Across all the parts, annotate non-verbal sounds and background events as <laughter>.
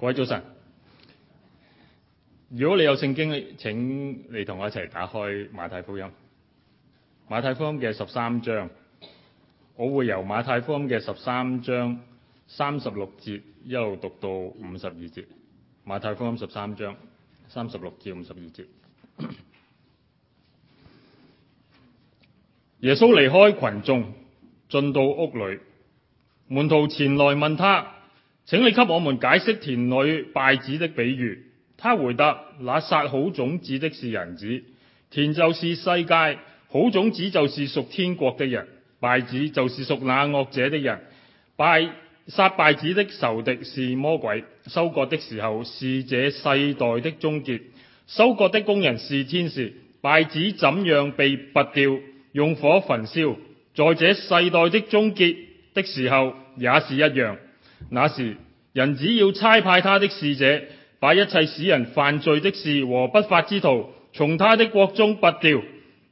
各位早晨，如果你有聖經，請你同我一齊打開馬太福音，馬太福音嘅十三章，我會由馬太福音嘅十三章三十六節一路讀到五十二節，馬太福音十三章三十六至五十二節。耶穌離開群眾，進到屋裏，門徒前來問他。請你給我們解釋田裏稗子的比喻。他回答：那撒好種子的是人子，田就是世界，好種子就是屬天國的人，稗子就是屬那惡者的人。稗，撒稗子的仇敵是魔鬼，收割的時候是這世代的終結，收割的工人是天使。稗子怎樣被拔掉，用火焚燒，在這世代的終結的時候也是一樣。那時，人只要差派他的使者，把一切使人犯罪的事和不法之徒從他的國中拔掉，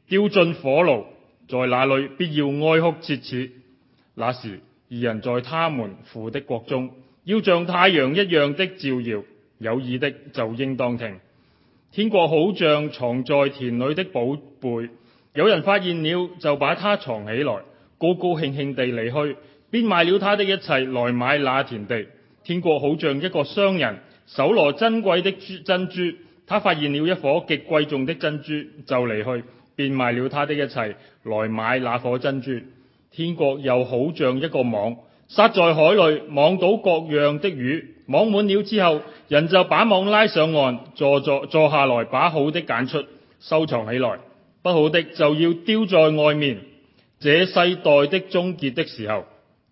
丟進火爐，在那裏必要哀哭切齒。那時，二人在他們父的國中，要像太陽一樣的照耀。有意的就應當聽。天國好像藏在田裏的寶貝，有人發現了就把它藏起來，高高興興地離去。變賣了他的一切來買那田地。天國好像一個商人，搜羅珍貴的珠珍珠，他發現了一顆極貴重的珍珠，就離去，變賣了他的一切來買那顆珍珠。天國又好像一個網，撒在海裏，網到各樣的魚，網滿了之後，人就把網拉上岸，坐坐坐下來，把好的揀出收藏起來，不好的就要丟在外面。這世代的終結的時候，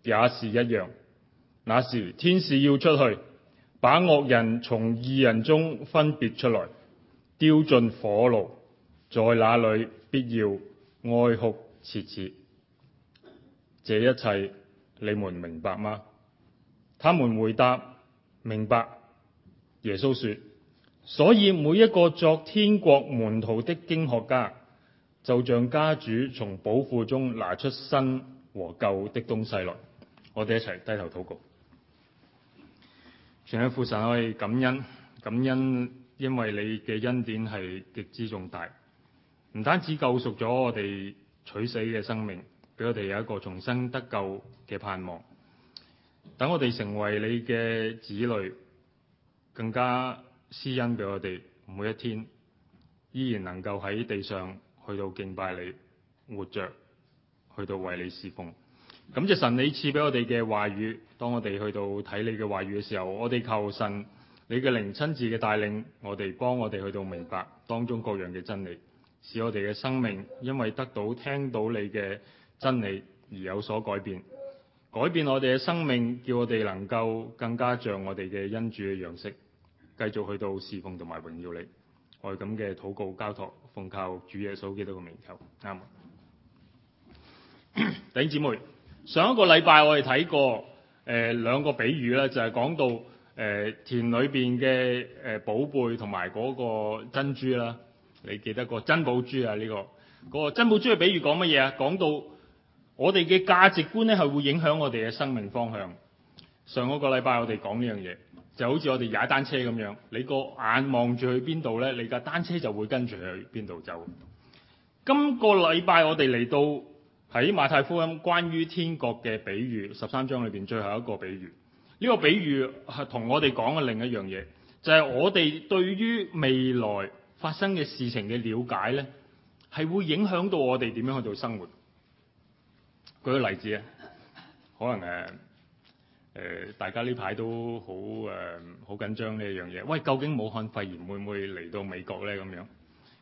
也是一樣。那時天使要出去，把惡人從義人中分別出來，丟進火爐，在那裏必要哀哭切齒。這一切你們明白嗎？他們回答，明白。耶穌說，所以每一個作天國門徒的經學家，就像家主從寶庫中拿出新和舊的東西來。我哋一齊低頭禱告，全靠父神，可以感恩，感恩，因為你嘅恩典係極之重大，唔單止救贖咗我哋取死嘅生命，俾我哋有一個重生得救嘅盼望，等我哋成為你嘅子女，更加施恩俾我哋每一天，依然能夠喺地上去到敬拜你，活着去到為你侍奉。感謝神你賜俾我哋嘅話語，當我哋去到睇你嘅話語嘅時候，我哋求神你嘅靈親自嘅帶領，我哋幫我哋去到明白當中各樣嘅真理，使我哋嘅生命因為得到聽到你嘅真理而有所改變，改變我哋嘅生命，叫我哋能夠更加像我哋嘅恩主嘅樣式，繼續去到侍奉同埋榮耀你，我咁嘅禱告交託，奉靠主耶穌基督嘅名求，啱嗎？ <coughs> 弟兄姊妹。上一個禮拜我哋睇過、呃、兩個比喻啦，就係、是、講到、呃、田裏面嘅寶貝同埋嗰個珍珠啦。你記得個珍寶珠啊？呢、個嗰個珍寶珠嘅比喻講乜嘢啊？講到我哋嘅價值觀咧，係會影響我哋嘅生命方向。上個禮拜我哋講呢樣嘢，就好似我哋踩單車咁樣，你個眼望住去邊度咧，你架單車就會跟住去邊度走。今個禮拜我哋嚟到。喺馬太福音關於天國嘅比喻十三章裏邊最後一個比喻，呢、這個比喻係同我哋講嘅另一樣嘢，就係、是、我哋對於未來發生嘅事情嘅了解咧，係會影響到我哋點樣去做生活。舉個例子啊，可能誒誒、呃，大家呢排都好誒好緊張呢一樣嘢，喂，究竟武漢肺炎會唔會嚟到美國咧？咁樣。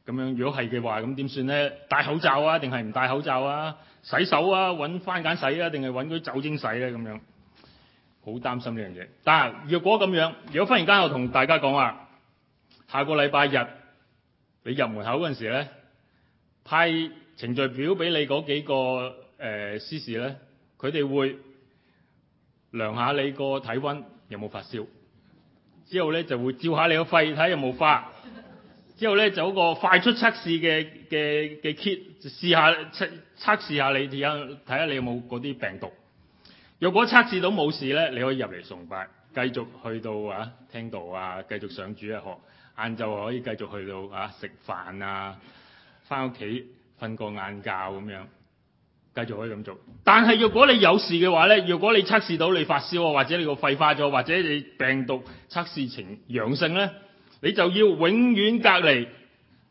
咁樣如果係嘅話咁點算咧？戴口罩啊，定係唔戴口罩啊？洗手啊，揾番梘洗啊，定係揾嗰啲酒精洗咧、啊？咁樣好擔心呢樣嘢。但係若果咁樣，如果忽然間我同大家講話，下個禮拜日你入門口陣時咧，派程序表俾你嗰幾個誒誒司事咧，佢哋會量下你個體溫有冇發燒，之後咧就會照下你個肺睇有冇發。之後咧，就嗰個快速測試嘅嘅嘅 kit 試下測試下，你睇下睇下你有冇嗰啲病毒。若果測試到冇事咧，你可以入嚟崇拜，繼續去到啊聽道啊，繼續上主日學。晏晝可以繼續去到啊食飯啊，翻屋企瞓個晏覺咁樣，繼續可以咁做。但係若果你有事嘅話咧，若果你測試到你發燒啊，或者你個肺化咗，或者你病毒測試呈陽性咧，你就要永遠隔離，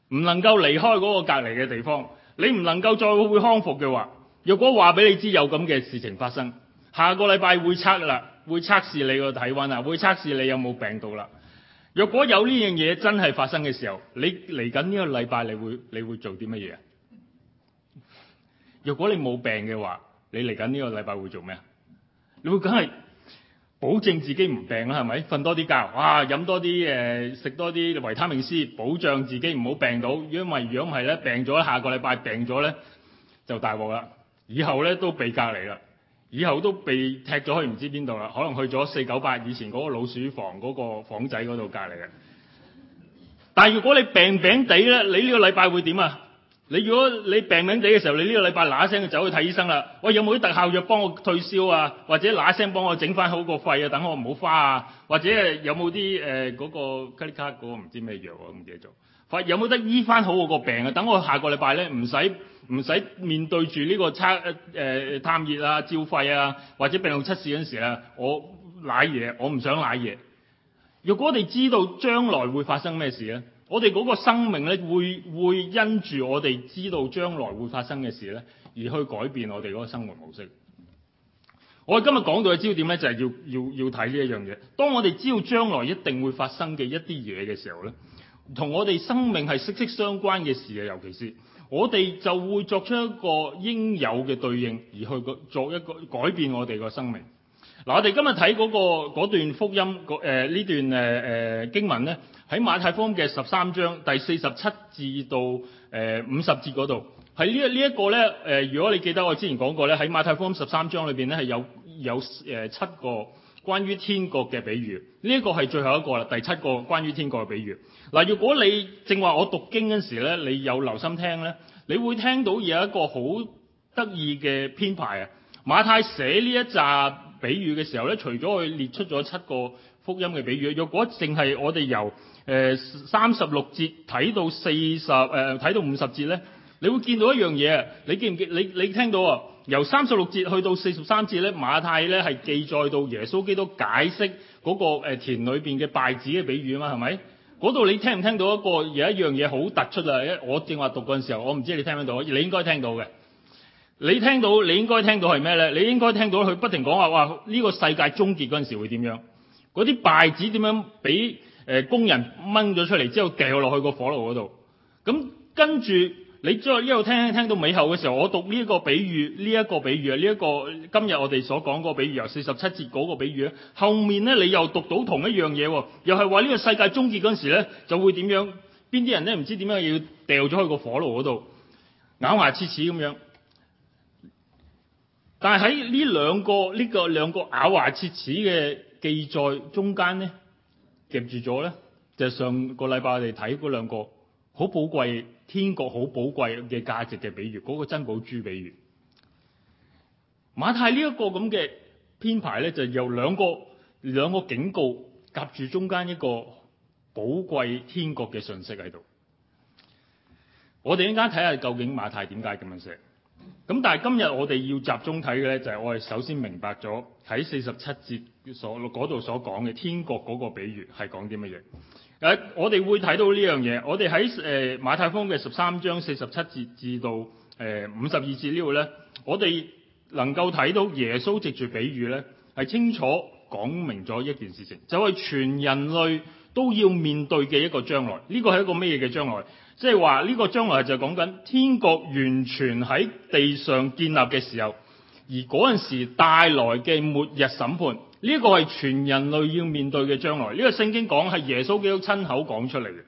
唔能夠離開嗰個隔離嘅地方。你唔能夠再會康復嘅話，如果話俾你知有咁嘅事情發生，下個禮拜會測啦，會測試你個體温啊，會測試你有冇病毒啦。若果有呢樣嘢真係發生嘅時候，你嚟緊呢個禮拜你會你會做啲乜嘢？若果你冇病嘅話，你嚟緊呢個禮拜會做咩？你會梗係？保證自己唔病啦，係咪？瞓多啲覺，哇、啊！飲多啲誒、呃，食多啲維他命 C，保障自己唔好病到。如果唔係，如果唔係咧，病咗下個禮拜病咗咧，就大鑊啦！以後咧都被隔離啦，以後都被踢咗去唔知邊度啦，可能去咗四九八以前嗰個老鼠房嗰個房仔嗰度隔離嘅。但係如果你病病地咧，你呢個禮拜會點啊？你如果你病緊死嘅時候，你呢個禮拜嗱一聲就走去睇醫生啦。喂，有冇啲特效藥幫我退燒啊？或者嗱一聲幫我整翻好個肺啊？等我唔好花啊？或者有冇啲誒嗰個咳卡嗰、嗰個唔知咩藥啊？唔記得做有冇得醫翻好我個病啊？等我下個禮拜咧，唔使唔使面對住呢、這個差誒探熱啊、照肺啊或者病痛測試嗰時啊，我舐嘢，我唔想舐嘢。若果我哋知道將來會發生咩事咧？我哋嗰個生命咧，會會因住我哋知道將來會發生嘅事咧，而去改變我哋嗰個生活模式。我哋今日講到嘅焦點咧，就係要要要睇呢一樣嘢。當我哋知道將來一定會發生嘅一啲嘢嘅時候咧，同我哋生命係息息相關嘅事啊，尤其是我哋就會作出一個應有嘅對應，而去個作一個改變我哋個生命。嗱，我哋今日睇嗰個嗰段福音個呢、呃、段誒、呃、經文咧，喺馬太福音嘅十三章第四十七至到誒五十節嗰度。喺、這個這個、呢一呢一個咧，如果你記得我之前講過咧，喺馬太福音十三章裏面咧係有有七個關於天國嘅比喻。呢、這、一個係最後一個啦，第七個關於天國嘅比喻。嗱，如果你正話我讀經嗰時咧，你有留心聽咧，你會聽到有一個好得意嘅編排啊！馬太寫呢一集比喻嘅時候咧，除咗佢列出咗七個福音嘅比喻，若果淨係我哋由誒三十六節睇到四十誒睇到五十節咧，你會見到一樣嘢啊！你記唔記？你你聽到啊？由三十六節去到四十三節咧，馬太咧係記載到耶穌基督解釋嗰、那個、呃、田裏面嘅稗子嘅比喻啊嘛，係咪？嗰度你聽唔聽到一個有一樣嘢好突出啊？我正話讀嗰陣時候，我唔知你聽唔聽到，你應該聽到嘅。你聽到，你應該聽到係咩呢？你應該聽到佢不停講話，話呢個世界終結嗰時會點樣？嗰啲稗子點樣俾、呃、工人掹咗出嚟之後掉落去個火爐嗰度？咁跟住你再一路聽聽到尾後嘅時候，我讀呢個比喻，呢一個比喻，呢一個今日我哋所講嗰個比喻，四十七節嗰個比喻咧，後面呢，你又讀到同一樣嘢，喎，又係話呢個世界終結嗰時呢就會點樣？邊啲人咧唔知點樣要掉咗去個火爐嗰度咬牙切齒咁樣？但係喺、這個、呢兩個呢個兩個咬牙切齒嘅記載中間咧，夾住咗咧，就是、上個禮拜我哋睇嗰兩個好寶貴天國好寶貴嘅價值嘅比喻，嗰、那個珍寶珠比喻馬太這這呢一個咁嘅編排咧，就由兩個兩個警告夾住中間一個寶貴天國嘅信息喺度。我哋一陣間睇下究竟馬太點解咁樣寫。咁但係今日我哋要集中睇嘅，呢就係我哋首先明白咗喺四十七節所嗰度所講嘅天國嗰個比喻係講啲乜嘢。誒，我哋會睇到呢樣嘢，我哋喺誒馬太福音嘅十三章四十七節至到誒五十二節呢度呢，我哋能夠睇到耶穌藉住比喻呢，係清楚講明咗一件事情，就係、是、全人類都要面對嘅一個將來。呢個係一個乜嘢嘅將來？即係話呢個將來就講緊天國，完全喺地上建立嘅時候，而嗰陣時帶來嘅末日審判，呢個係全人類要面對嘅將來。呢個聖經講係耶穌基督親口講出嚟嘅，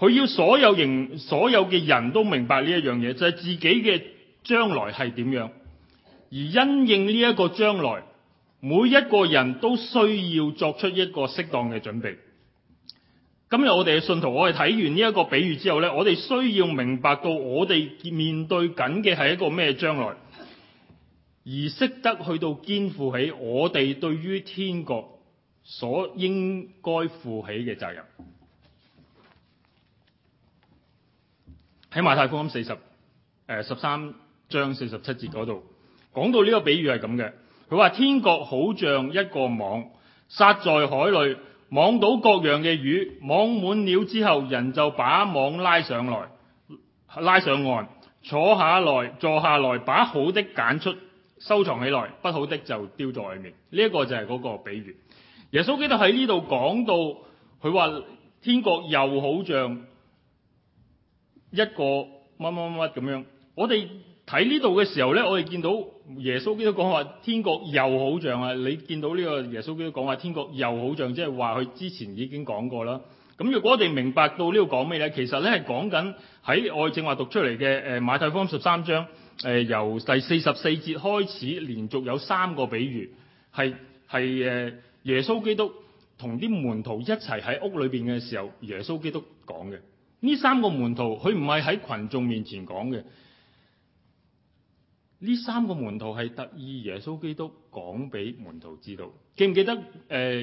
佢要所有人，所有嘅人都明白呢一樣嘢，就係自己嘅將來係點樣，而因應呢一個將來，每一個人都需要作出一個適當嘅準備。今日我哋嘅信徒，我哋睇完呢一個比喻之後咧，我哋需要明白到我哋面對緊嘅係一個咩將來，而識得去到肩負起我哋對於天國所應該負起嘅責任。喺馬太福音四十誒，十三章四十七節嗰度，講到呢個比喻係咁嘅，佢話天國好像一個網撒在海裏。網到各樣嘅魚，網滿了之後，人就把網拉上來，拉上岸，坐下來，坐下來，把好的揀出收藏起來，不好的就丟在外面。呢、這、一個就係嗰個比喻。耶穌基督喺呢度講到，佢話天國又好像一個乜乜乜咁樣，我哋。喺呢度嘅時候呢，我哋見到耶穌基督講話天國又好像啊！你見到呢個耶穌基督講話天國又好像，即係話佢之前已經講過啦。咁如果我哋明白到呢度講咩呢？其實咧係講緊喺我正話讀出嚟嘅誒，馬太福音十三章誒、呃、由第四十四節開始，連續有三個比喻係係誒耶穌基督同啲門徒一齊喺屋裏邊嘅時候，耶穌基督講嘅呢三個門徒，佢唔係喺群眾面前講嘅。呢三個門徒係特意耶穌基督講俾門徒知道，記唔記得？誒、呃，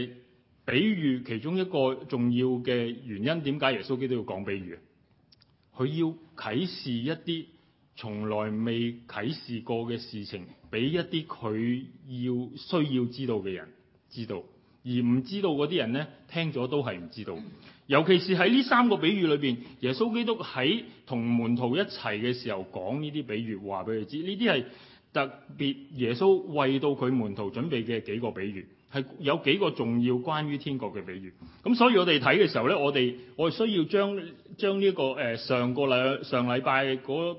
比喻其中一個重要嘅原因，點解耶穌基督要講比喻？佢要啟示一啲從來未啟示過嘅事情，俾一啲佢要需要知道嘅人知道，而唔知道嗰啲人呢，聽咗都係唔知道。尤其是喺呢三個比喻裏面，耶穌基督喺同門徒一齊嘅時候講呢啲比喻，話俾佢知，呢啲係特別耶穌為到佢門徒準備嘅幾個比喻。係有幾個重要關於天國嘅比喻，咁所以我哋睇嘅時候呢，我哋我哋需要將將呢、這個、呃、上個禮上禮拜嗰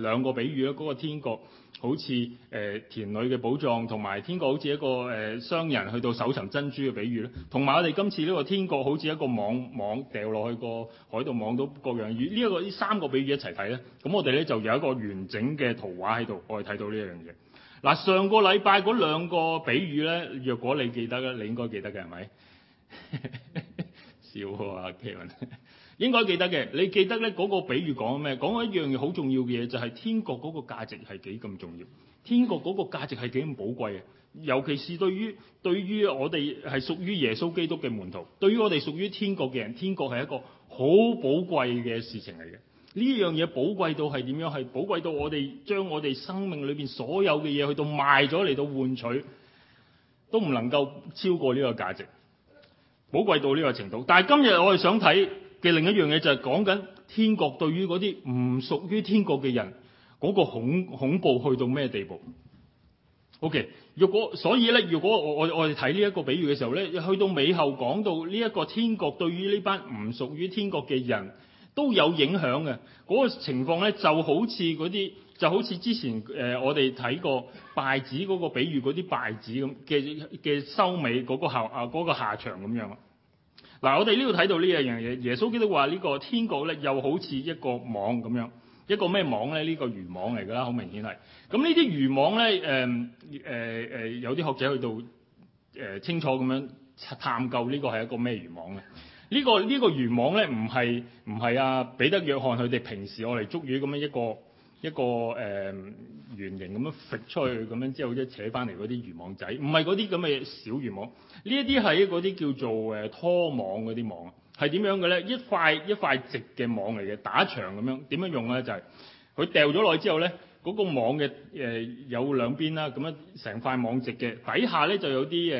兩個比喻咧，嗰、那個天國好似、呃、田裏嘅寶藏，同埋天國好似一個、呃、商人去到搜尋珍珠嘅比喻咧，同埋我哋今次呢個天國好似一個網網掉落去個海度網到各樣魚，呢、這、一個呢三個比喻一齊睇呢，咁我哋呢就有一個完整嘅圖畫喺度，我哋睇到呢樣嘢。嗱，上個禮拜嗰兩個比喻咧，若果你記得咧，你應該記得嘅係咪？笑，笑啊，Kevin！應該記得嘅，你記得咧嗰、嗰個比喻講咩？講一樣嘢好重要嘅嘢，就係、係、天國嗰個價值係幾咁重要，天國嗰個價值係幾咁寶貴，尤其是對於對於我哋係屬於耶穌基督嘅門徒，對於我哋屬於天國嘅人，天國係一個好寶貴嘅事情嚟嘅。呢樣嘢寶貴到係點樣？係寶貴到我哋將我哋生命裏邊所有嘅嘢去到賣咗嚟到換取，都唔能夠超過呢個價值，寶貴到呢個程度。但係今日我哋想睇嘅另一樣嘢就係講緊天國對於嗰啲唔屬於天國嘅人嗰個恐恐怖去到咩地步？OK，如果所以咧，如果我我我哋睇呢一個比喻嘅時候咧，去到尾後講到呢一個天國對於呢班唔屬於天國嘅人。都有影響嘅嗰、那個情況咧，就好似嗰啲就好似之前誒、呃、我哋睇過稗子嗰個比喻嗰啲稗子咁嘅嘅收尾嗰個下啊嗰、那個下，那個、下場咁樣啊。嗱，我哋呢度睇到呢一樣嘢，耶穌基督話呢個天國咧，又好似一個網咁樣，一個咩網咧？呢、這個魚網嚟噶啦，好明顯係。咁呢啲魚網咧，誒誒誒，有啲學者去到誒、呃、清楚咁樣探究呢個係一個咩魚網嘅？呢、這個呢、這個漁網呢，唔係唔係啊，彼得約翰佢哋平時用嚟捉魚咁樣一個一個誒圓、呃、形咁樣揈出去，咁樣之後即係扯返嚟嗰啲漁網仔，唔係嗰啲咁嘅小漁網。呢啲係嗰啲叫做拖網嗰啲網，係點樣嘅呢？一塊一塊直嘅網嚟嘅，打長咁樣。點樣用呢？就係佢掉咗落去之後呢，嗰、那個網嘅、呃、有兩邊啦，咁樣成塊網直嘅，底下咧就有啲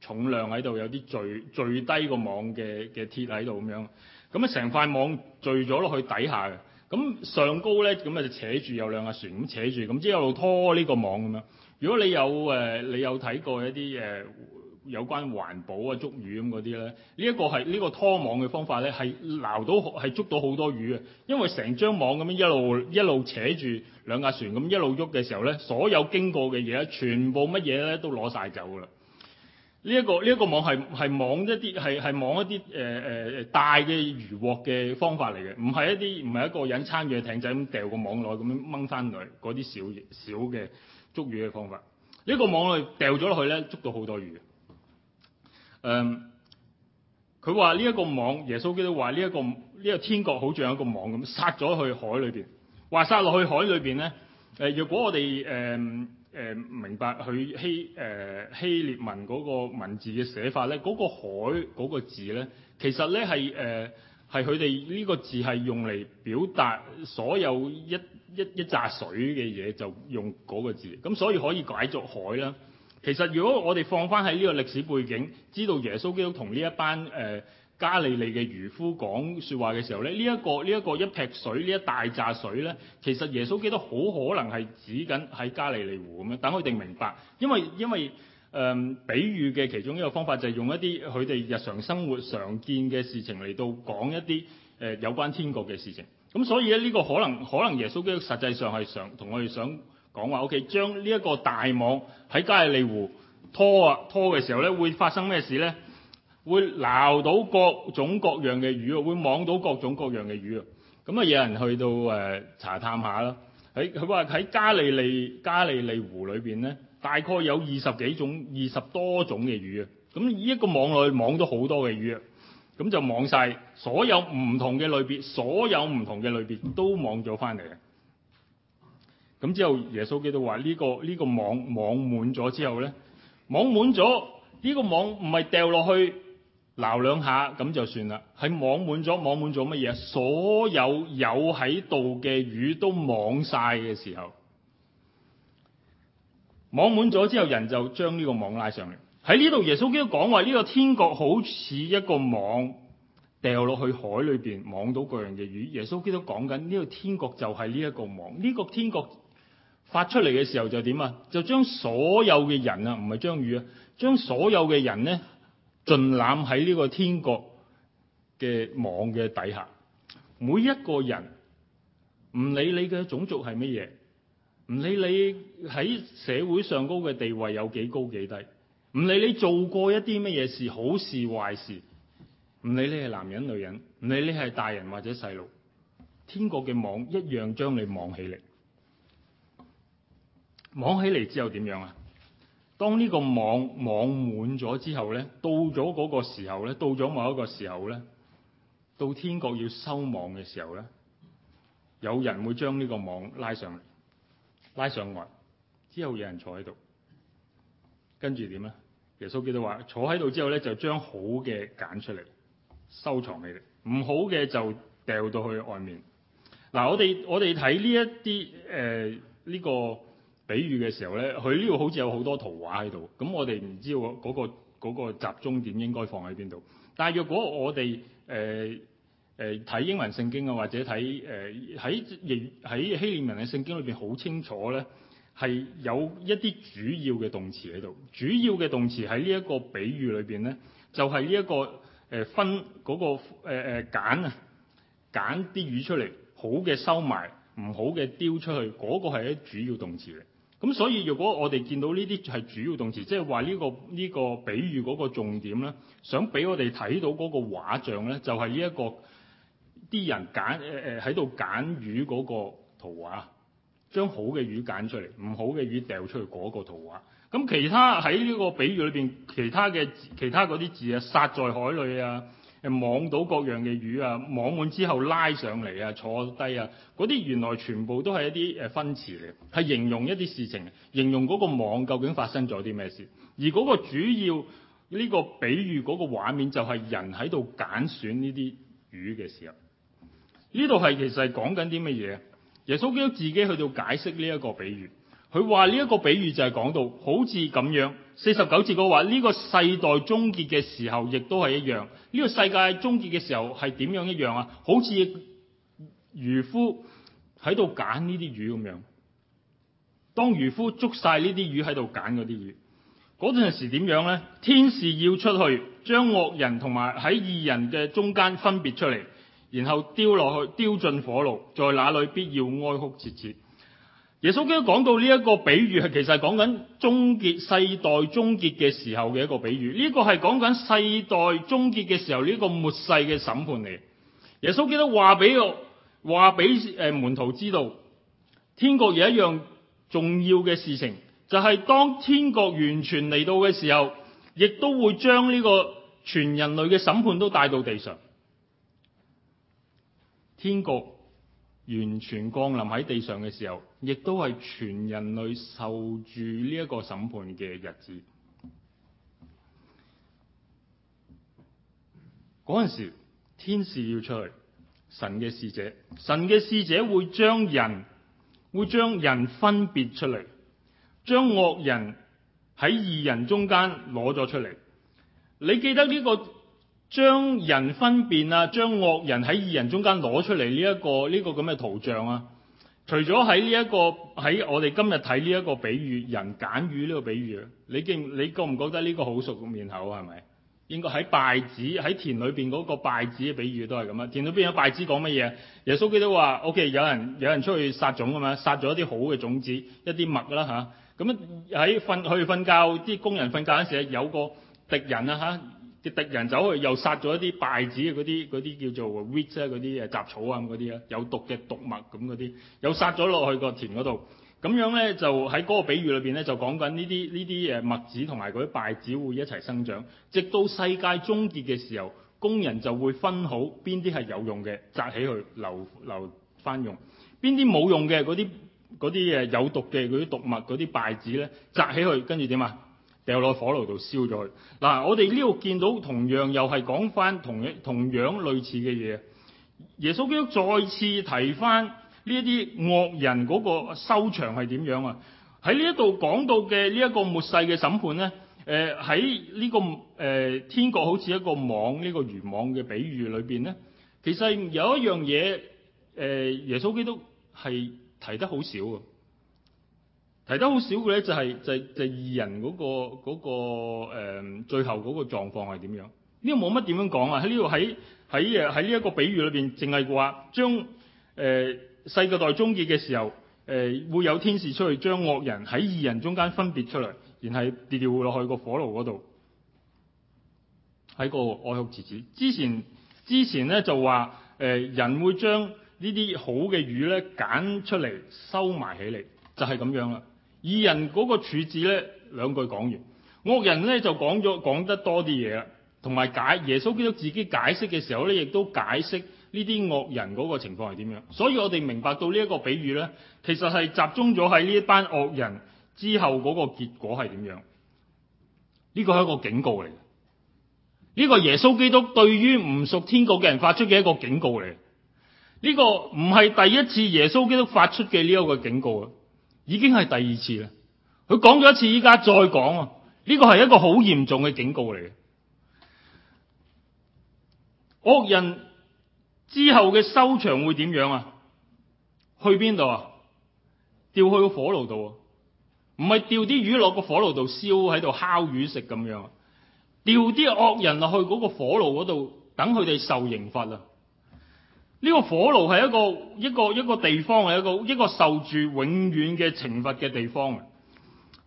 重量喺度，有啲最最低的網的網個網嘅嘅鐵喺度咁樣，咁啊成塊網墜咗落去底下嘅，咁上高咧咁啊就扯住有兩架船咁扯住，咁即係一路拖呢個網咁樣。如果你有誒、呃，你有睇過一啲誒、呃、有關環保啊捉魚咁嗰啲咧，呢、呢、一個係呢、呢個拖網嘅方法咧係撈到係捉到好多魚啊，因為成張網咁樣一路一路,一路扯住兩架船咁一路喐嘅時候咧，所有經過嘅嘢咧，全部乜嘢咧都攞晒走㗎啦。呢一、這個呢一、這個網係係網一啲係係網一啲誒誒大嘅魚獲嘅方法嚟嘅，唔係一啲唔係一個人撐住艇仔咁掉個網落去咁樣掹翻嚟嗰啲小小嘅捉魚嘅方法。呢、這個網落去掉咗落去咧，捉到好多魚。誒、嗯，佢話呢一個網，耶穌基督話呢一個呢個天國好似有一個網咁撒咗去海裏邊，話撒落去海裏邊咧，誒、呃、若果我哋誒。呃誒、呃、明白佢希誒、呃、希列文嗰個文字嘅寫法咧，嗰、那個海嗰個字咧，其實咧係誒係佢哋呢、呃、個字係用嚟表達所有一一一扎水嘅嘢，就用嗰個字，咁所以可以解作海啦。其實如果我哋放翻喺呢個歷史背景，知道耶穌基督同呢一班誒。呃加利利嘅漁夫講說話嘅時候咧，呢、這、一個呢一、這個一撇水呢一、這個、大扎水咧，其實耶穌基督好可能係指緊喺加利利湖咁樣，等佢哋明白，因為因為誒、呃、比喻嘅其中一個方法就係用一啲佢哋日常生活常見嘅事情嚟到講一啲誒、呃、有關天國嘅事情。咁所以咧呢、這個可能可能耶穌基督實際上係想同我哋想講話，O K，將呢一個大網喺加利利湖拖啊拖嘅時候咧，會發生咩事咧？會撈到各種各樣嘅魚啊，會網到各種各樣嘅魚啊，咁啊有人去到誒、呃、查探下啦，喺佢話喺加利利加利利湖裏邊咧，大概有二十幾種、二十多種嘅魚啊，咁呢一個網裏網咗好多嘅魚啊，咁就網晒所有唔同嘅類別，所有唔同嘅類別都網咗翻嚟啊。咁之後耶穌基督話呢、呢個呢、呢個網網滿咗之後咧，網滿咗呢網滿咗、呢個網唔係掉落去。撈兩下咁就算啦。喺網滿咗，網滿咗乜嘢啊？所有有喺度嘅魚都網晒嘅時候，網滿咗之後，人就將呢個網拉上嚟。喺呢度，耶穌基督講，話呢個天國好似一個網掉落去海裏邊，網到各樣嘅魚。耶穌基督講緊呢個天國就係呢一個網。呢個天國發出嚟嘅時候就點啊？就將所有嘅人啊，唔係將魚啊，將所有嘅人呢？盡攬喺呢個天國嘅網嘅底下，每一個人唔理你嘅種族係乜嘢，唔理你喺社會上高嘅地位有幾高幾低，唔理你做過一啲乜嘢事，好事壞事，唔理你係男人女人，唔理你係大人或者細路，天國嘅網一樣將你網起嚟，網起嚟之後點樣啊？當呢個網網滿咗之後咧，到咗嗰個時候咧，到咗某一個時候咧，到天國要收網嘅時候咧，有人會將呢個網拉上嚟，拉上岸，之後有人坐喺度，跟住點咧？耶穌基督話：坐喺度之後咧，就將好嘅揀出嚟，收藏起嚟，唔好嘅就掉到去外面。嗱，啊，我哋我哋睇呢一啲誒呢個。比喻嘅時候咧，佢呢度好似有好多圖畫喺度，咁我哋唔知嗰、那個嗰、那個集中點應該放喺邊度。但係若果我哋誒睇英文聖經啊，或者睇喺喺希臘文嘅聖經裏面，好清楚咧，係有一啲主要嘅動詞喺度。主要嘅動詞喺呢一個比喻裏面咧，就係、是、呢、這個呃那個呃、一個分嗰個揀啊，揀啲魚出嚟，好嘅收埋，唔好嘅丟出去，嗰、那個係一主要動詞嚟。咁所以如果我哋見到呢啲係主要動詞，即係話呢個呢個比喻嗰個重點咧，想俾我哋睇到嗰個畫像咧，就係呢一個啲人揀誒誒喺度揀魚嗰個圖畫，將好嘅魚揀出嚟，唔好嘅魚掉出去嗰個圖畫。咁其他喺呢個比喻裏面，其他嘅其他嗰啲字啊，撒在海裡啊。誒網到各樣嘅魚啊，網滿之後拉上嚟啊，坐低啊，嗰啲原來全部都係一啲誒分詞嚟，係形容一啲事情，形容嗰個網究竟發生咗啲咩事，而嗰個主要呢個比喻嗰個畫面就係人喺度揀選呢啲魚嘅時候，呢度係其實係講緊啲乜嘢？耶穌基督自己去到解釋呢一個比喻。佢話呢一個比喻就係講到，好似咁樣。四十九節個話呢、這個世代終結嘅時候，亦都係一樣。呢、這個世界終結嘅時候係點樣一樣啊？好似漁夫喺度揀呢啲魚咁樣。當漁夫捉曬呢啲魚喺度揀嗰啲魚，嗰陣時點樣呢？天使要出去將惡人同埋喺義人嘅中間分別出嚟，然後丟落去，丟進火爐，在那裏必要哀哭切齒。耶穌基督講到呢一個比喻係其實講緊終結世代終結嘅時候嘅一個比喻，呢個係講緊世代終結嘅時候呢個末世嘅審判嚟。耶穌基督話俾個話俾誒門徒知道，天國有一樣重要嘅事情，就係當天國完全嚟到嘅時候，亦都會將呢個全人類嘅審判都帶到地上。天國。完全降臨喺地上嘅時候，亦都係全人類受住呢一個審判嘅日子。嗰陣時，天使要出去，神嘅使者，神嘅使者會將人會將人分別出嚟，將惡人喺義人中間攞咗出嚟。你記得呢個？將人分辨啊，將惡人喺二人中間攞出嚟呢一個呢、呢個咁嘅圖像啊！除咗喺呢一個喺我哋今日睇呢一個比喻，人揀魚呢個比喻，你驚你覺唔覺得呢個好熟面口啊？係咪？應該喺稗子，喺田裏邊嗰個稗子嘅比喻都係咁啊！田裏邊有稗子講乜嘢？耶穌基督話：OK，有人有人出去撒種啊嘛，撒咗啲好嘅種子，一啲麥啦吓。咁喺瞓去瞓覺，啲工人瞓覺嗰時候，有個敵人啊吓。敵人走去又撒咗一啲稗子，嗰啲啲叫做 weed 啫，嗰啲誒雜草啊，嗰啲啊有毒嘅毒物咁嗰啲，又撒咗落去個田嗰度。咁樣咧就喺嗰個比喻裏邊咧就講緊呢啲呢啲誒麥子同埋嗰啲稗子會一齊生長，直到世界終結嘅時候，工人就會分好邊啲係有用嘅，紮起去留留返用；邊啲冇用嘅嗰啲嗰啲誒有毒嘅嗰啲毒物嗰啲稗子咧，紮起去跟住點啊？掉落火爐度燒咗佢。嗱、啊，我哋呢度見到同樣又係講翻同同樣類似嘅嘢。耶穌基督再次提翻呢一啲惡人嗰個收場係點樣啊？喺呢一度講到嘅呢一個末世嘅審判咧，喺、呃、呢、呢個、呃、天國好似一個網呢、呢個漁網嘅比喻裏面咧，其實有一樣嘢、呃、耶穌基督係提得好少。提得好少嘅咧、就是，就係、是、就就是、義人嗰、那個嗰、那個誒、嗯、最後嗰個狀況係點樣？呢個冇乜點樣講啊！喺呢度喺喺喺呢個比喻裏面說，淨係話將誒、呃、世代終結嘅時候、呃、會有天使出去將惡人喺義人中間分別出嚟，然後跌掉落去個火爐嗰度，喺個哀哭切齒。之前之前呢就話誒、呃、人會將呢啲好嘅魚呢揀出嚟收埋起嚟，就係、是、咁樣啦。二人嗰個處置呢兩句講完，惡人呢就講咗講得多啲嘢，同埋解耶穌基督自己解釋嘅時候呢，亦都解釋呢啲惡人嗰個情況係點樣。所以我哋明白到呢一個比喻呢，其實係集中咗喺呢一班惡人之後嗰個結果係點樣。呢個係一個警告嚟。呢個耶穌基督對於唔屬天國嘅人發出嘅一個警告嚟。呢個唔係第一次耶穌基督發出嘅呢一個警告。已經係第二次啦，佢講咗一次，依家再講，呢個係一個好嚴重嘅警告嚟嘅。惡人之後嘅收場會點樣啊？去邊度啊？掉去個火爐度啊，唔係掉啲魚落個火爐度燒喺度烤魚食咁樣啊，掉啲惡人落去嗰個火爐嗰度，等佢哋受刑罰啊。呢個火爐係一個一個一個地方，係一個一個受住永遠嘅懲罰嘅地方。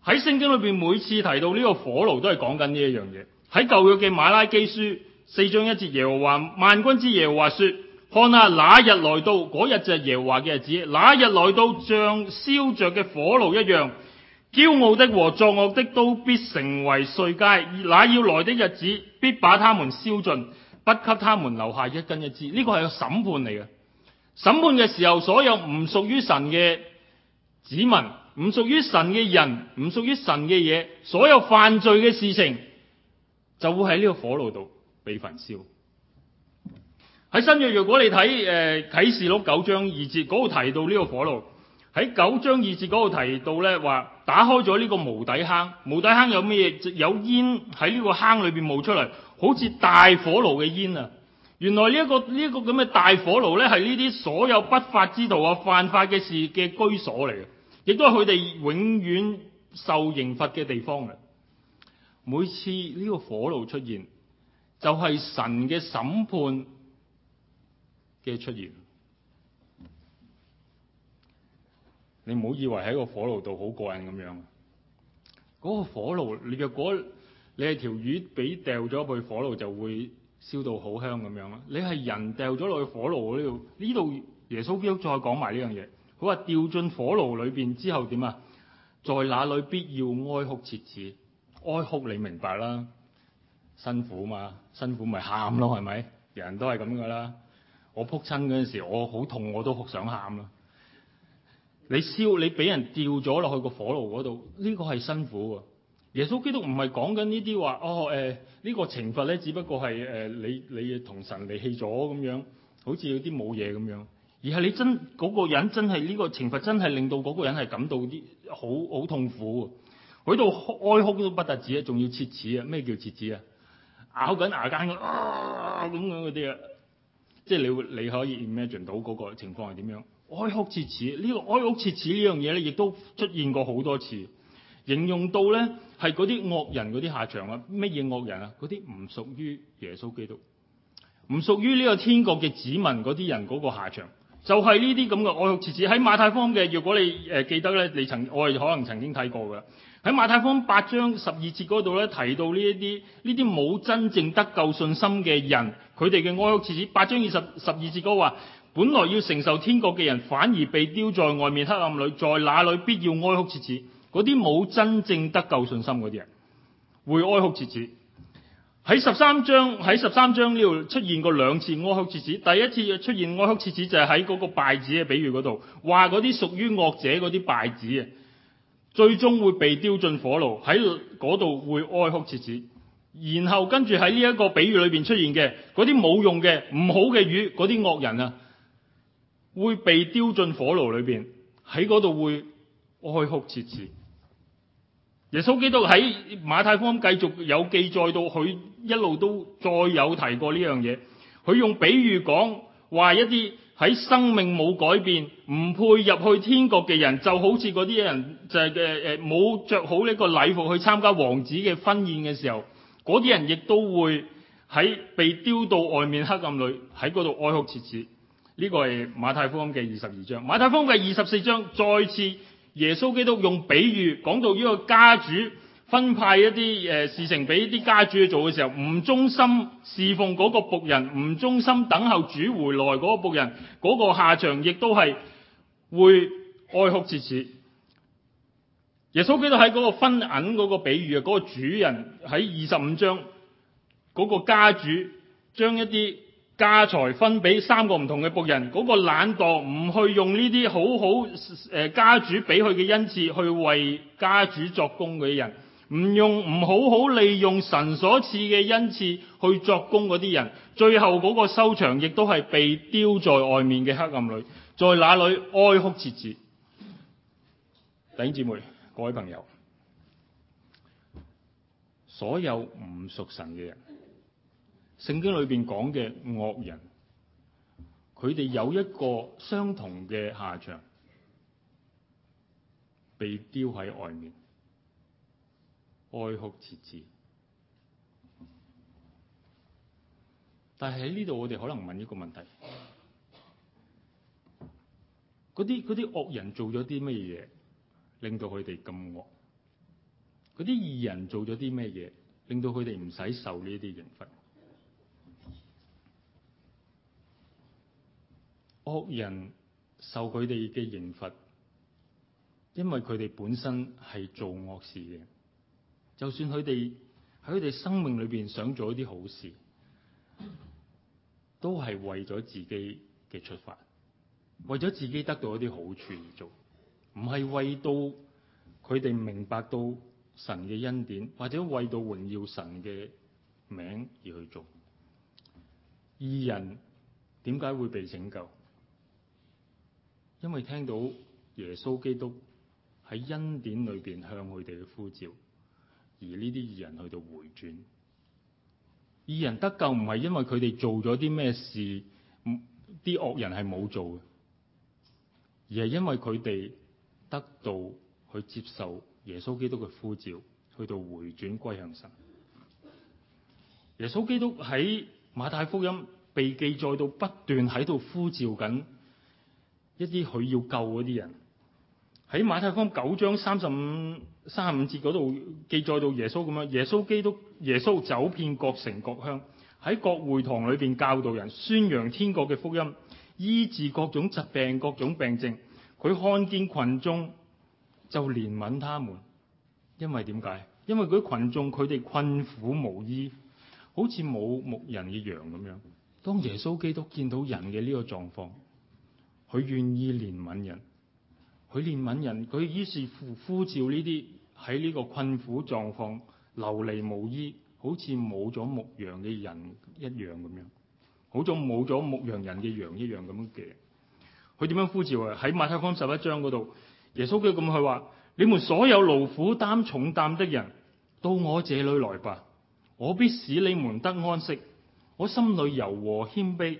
喺聖經裏邊，每次提到呢個火爐都，都係講緊呢一樣嘢。喺舊約嘅馬拉基書四章一節，耶和華萬軍之耶和華說：看下，那一日來到，嗰日就係耶和華嘅日子。那一日來到，像燒着嘅火爐一樣，驕傲的和作惡的都必成為碎稭。而那要來的日子，必把他們燒盡。不給他們留下一根一枝，呢個係審判嚟嘅。審判嘅時候，所有唔屬於神嘅子民，唔屬於神嘅人，唔屬於神嘅嘢，所有犯罪嘅事情，就會喺呢個火爐度被焚燒。喺新約，如果你睇誒、呃、啟示錄九章二節，嗰度提到呢個火爐。喺九章二節嗰度提到呢，話打開咗呢個無底坑，無底坑有咩嘢？有煙喺呢個坑裏邊冒出嚟。好似大火爐嘅煙啊！原來呢、這、一個呢一、這個咁嘅大火爐咧，係呢啲所有不法之徒啊、犯法嘅事嘅居所嚟嘅，亦都係佢哋永遠受刑罰嘅地方嘅。每次呢個火爐出現，就係、是、神嘅審判嘅出現。你唔好以為喺個火爐度好過癮咁樣，嗰、那個火爐你若果。你係條魚俾掉咗去火爐，就會燒到好香咁樣啦。你係人掉咗落去火爐嗰度。呢度耶穌基督再講埋呢樣嘢。佢話掉進火爐裏面之後點啊？在那裏必要哀哭切齒，哀哭你明白啦。辛苦嘛，辛苦咪喊咯，係咪？人都係咁噶啦。我撲親嗰陣時，我好痛，我都好想喊啦。你燒，你俾人掉咗落去個火爐嗰度，呢個係辛苦喎。耶穌基督唔係講緊呢啲話哦，誒、呃、呢、這個懲罰咧，只不過係誒、呃、你你同神離棄咗咁樣，好似有啲冇嘢咁樣，而係你真、嗰個人真係呢、這個懲罰真係令到嗰個人係感到啲好好痛苦，佢度哀哭都不單止還啊，仲要切齒啊，咩叫切齒啊？咬緊牙間咁樣嗰啲啊，即係你會你可以 imagine 到嗰個情況係點樣？哀哭切齒呢、這個哀哭切齒呢樣嘢咧，亦都出現過好多次。應用到咧，係嗰啲惡人嗰啲下場啊！乜嘢惡人啊？嗰啲唔屬於耶穌基督，唔屬於呢個天國嘅子民嗰啲人嗰個下場，就係呢啲咁嘅哀哭切齒。喺馬太方嘅，如果你誒記得咧，你曾我哋可能曾經睇過噶。喺馬太方八章十二節嗰度咧，提到呢一啲呢啲冇真正得救信心嘅人，佢哋嘅哀哭切齒。八章二十十二節嗰話：本來要承受天國嘅人，反而被丟在外面黑暗裏，在那裏必要哀哭切齒。嗰啲冇真正得救信心嗰啲人，會哀哭切齒。喺十三章喺十三章呢度出現過兩次哀哭切齒。第一次出現哀哭切齒就係喺嗰個稗子嘅比喻嗰度，話嗰啲屬於惡者嗰啲稗子啊，最終會被丟進火爐，喺嗰度會哀哭切齒。然後跟住喺呢一個比喻裏邊出現嘅嗰啲冇用嘅唔好嘅魚，嗰啲惡人啊，會被丟進火爐裏邊，喺嗰度會哀哭切齒。耶穌基督喺馬太福音繼續有記載到，佢一路都再有提過呢樣嘢。佢用比喻講話一啲喺生命冇改變、唔配入去天國嘅人，就好似嗰啲人就係嘅誒，冇、呃、着好呢個禮服去參加王子嘅婚宴嘅時候，嗰啲人亦都會喺被丟到外面黑暗裏，喺嗰度哀哭切齒。呢、這個係馬太福音嘅二十二章。馬太福音嘅二十四章再次。耶穌基督用比喻講到呢個家主分派一啲誒事情俾啲家主去做嘅時候，唔忠心侍奉嗰個僕人，唔忠心等候主回來嗰個僕人，嗰、那個下場亦都係會哀哭切齒。耶穌基督喺嗰個分銀嗰個比喻啊，嗰、那個主人喺二十五章嗰、那個家主將一啲。家財分俾三個唔同嘅僕人，嗰個懶惰唔去用呢啲好好誒，家主俾佢嘅恩賜去為家主作工嘅人，唔用唔好好利用神所賜嘅恩賜去作工嗰啲人，最後嗰個收場亦都係被丟在外面嘅黑暗裏，在那裏哀哭切齒。弟兄姊妹，各位朋友，所有唔屬神嘅人。聖經裏邊講嘅惡人，佢哋有一個相同嘅下場，被丟喺外面，哀哭切齒。但係喺呢度，我哋可能問一個問題：嗰啲嗰啲惡人做咗啲乜嘢，令到佢哋咁惡？嗰啲義人做咗啲咩嘢，令到佢哋唔使受呢啲刑罰？惡人受佢哋嘅刑罰，因為佢哋本身係做惡事嘅。就算佢哋喺佢哋生命裏邊想做一啲好事，都係為咗自己嘅出發，為咗自己得到一啲好處而做，唔係為到佢哋明白到神嘅恩典，或者為到榮耀神嘅名而去做。義人點解會被拯救？因為聽到耶穌基督喺恩典裏邊向佢哋嘅呼召，而呢啲義人去到回轉，義人得救唔係因為佢哋做咗啲咩事，啲惡人係冇做嘅，而係因為佢哋得到去接受耶穌基督嘅呼召，去到回轉歸向神。耶穌基督喺馬太福音被記載到不斷喺度呼召緊。一啲佢要救嗰啲人，喺馬太福音九章三十五三十五節嗰度記載到耶穌咁樣，耶穌基督耶穌走遍各城各鄉，喺各會堂裏邊教導人，宣揚天國嘅福音，醫治各種疾病、各種病症。佢看見群眾就憐憫他們，因為點解？因為嗰啲群眾佢哋困苦無依，好似冇牧人嘅羊咁樣。當耶穌基督見到人嘅呢個狀況。佢願意憐憫人，佢憐憫人，佢於是乎呼召呢啲喺呢個困苦狀況流離無依，好似冇咗牧羊嘅人一樣咁樣，好似冇咗牧羊人嘅羊一樣咁嘅。佢點樣呼召啊？喺馬太康十一章嗰度，耶穌佢咁去話：你們所有勞苦擔重擔的人，到我這裏來吧，我必使你們得安息。我心裏柔和謙卑，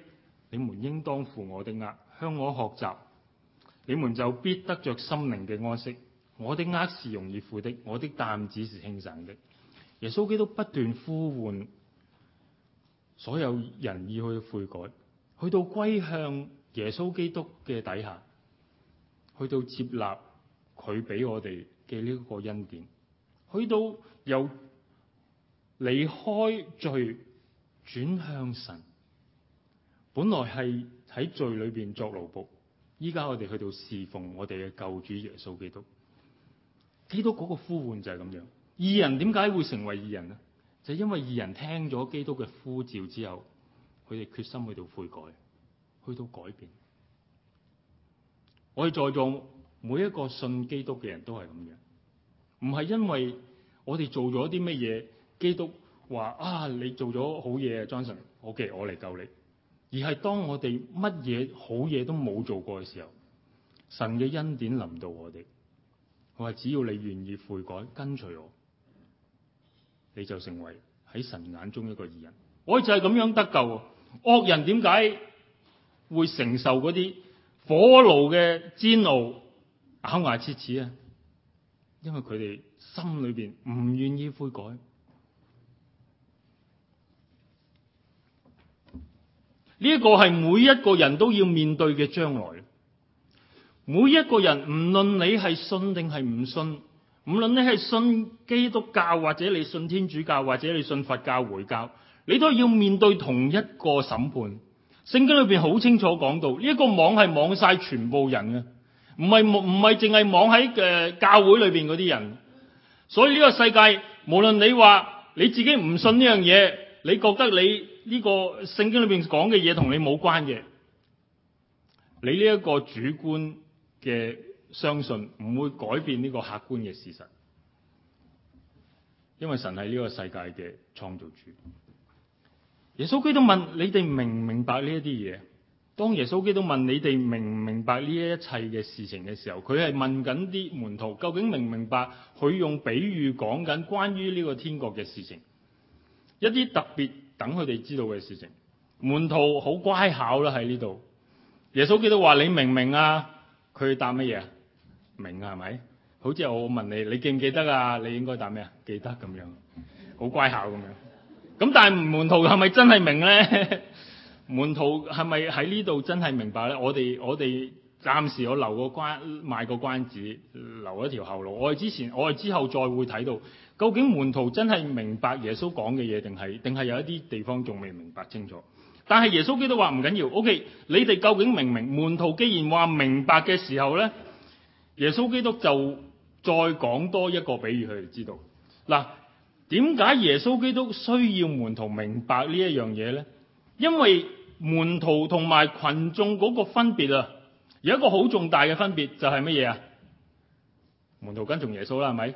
你們應當負我的軛。向我學習，你們就必得着心靈嘅安息。我的軛是容易負的，我的擔子是輕省的。耶穌基督不斷呼喚所有人要去悔改，去到歸向耶穌基督嘅底下，去到接納佢俾我哋嘅呢個恩典，去到由離開罪轉向神，本來係。喺罪裏邊作奴僕，依家我哋去到侍奉我哋嘅救主耶穌基督。基督嗰個呼喚就係咁樣，義人點解會成為義人呢就係因為義人聽咗基督嘅呼召之後，佢哋決心去到悔改，去到改變。我哋在座每一個信基督嘅人都係咁樣，唔係因為我哋做咗啲乜嘢，基督話啊你做咗好嘢，Johnson，OK, 我嚟救你。而係當我哋乜嘢好嘢都冇做過嘅時候，神嘅恩典臨到我哋，我話，只要你願意悔改跟隨我，你就成為喺神眼中一個義人。我就係咁樣得救。惡人點解會承受嗰啲火爐嘅煎熬，咬牙切齒啊？因為佢哋心裏邊唔願意悔改。呢個係每一個人都要面對嘅將來。每一個人唔論你係信定係唔信，唔論你係信基督教或者你信天主教或者你信佛教回教，你都要面對同一個審判。聖經裏邊好清楚講到，呢個網係網晒全部人啊，唔係，唔係淨係網喺、呃、教會裏邊嗰啲人。所以呢個世界，無論你話你自己唔信呢樣嘢。你覺得你呢個聖經裏邊講嘅嘢，同你冇關嘅，你呢一個主觀嘅相信唔會改變呢個客觀嘅事實，因為神係呢個世界嘅創造主。耶穌基督問你哋明唔明白呢一啲嘢？當耶穌基督問你哋明唔明白呢一切嘅事情嘅時候，佢係問緊啲門徒究竟明唔明白佢用比喻講緊關於呢個天國嘅事情。一啲特別等佢哋知道嘅事情，門徒好乖巧啦喺呢度。耶穌基督話你明唔明啊？佢答乜嘢啊？明啊，係咪？好似我問你，你記唔記得啊？你應該答咩啊？記得咁樣，好乖巧咁樣。咁但係門徒係咪真係明咧？門徒係咪喺呢度真係明白咧？我哋我哋。暫時我留個關，買個關子，留一條後路。我係之前，我係之後再會睇到究竟門徒真係明白耶穌講嘅嘢，定係定係有一啲地方仲未明白清楚。但係耶穌基督話唔緊要，OK？你哋究竟明唔明？門徒既然話明白嘅時候呢，耶穌基督就再講多一個比喻，俾佢哋知道。嗱，點解耶穌基督需要門徒明白呢一樣嘢呢？因為門徒同埋群眾嗰個分別啊。有一個好重大嘅分別就係乜嘢啊？門徒跟從耶穌啦，係咪？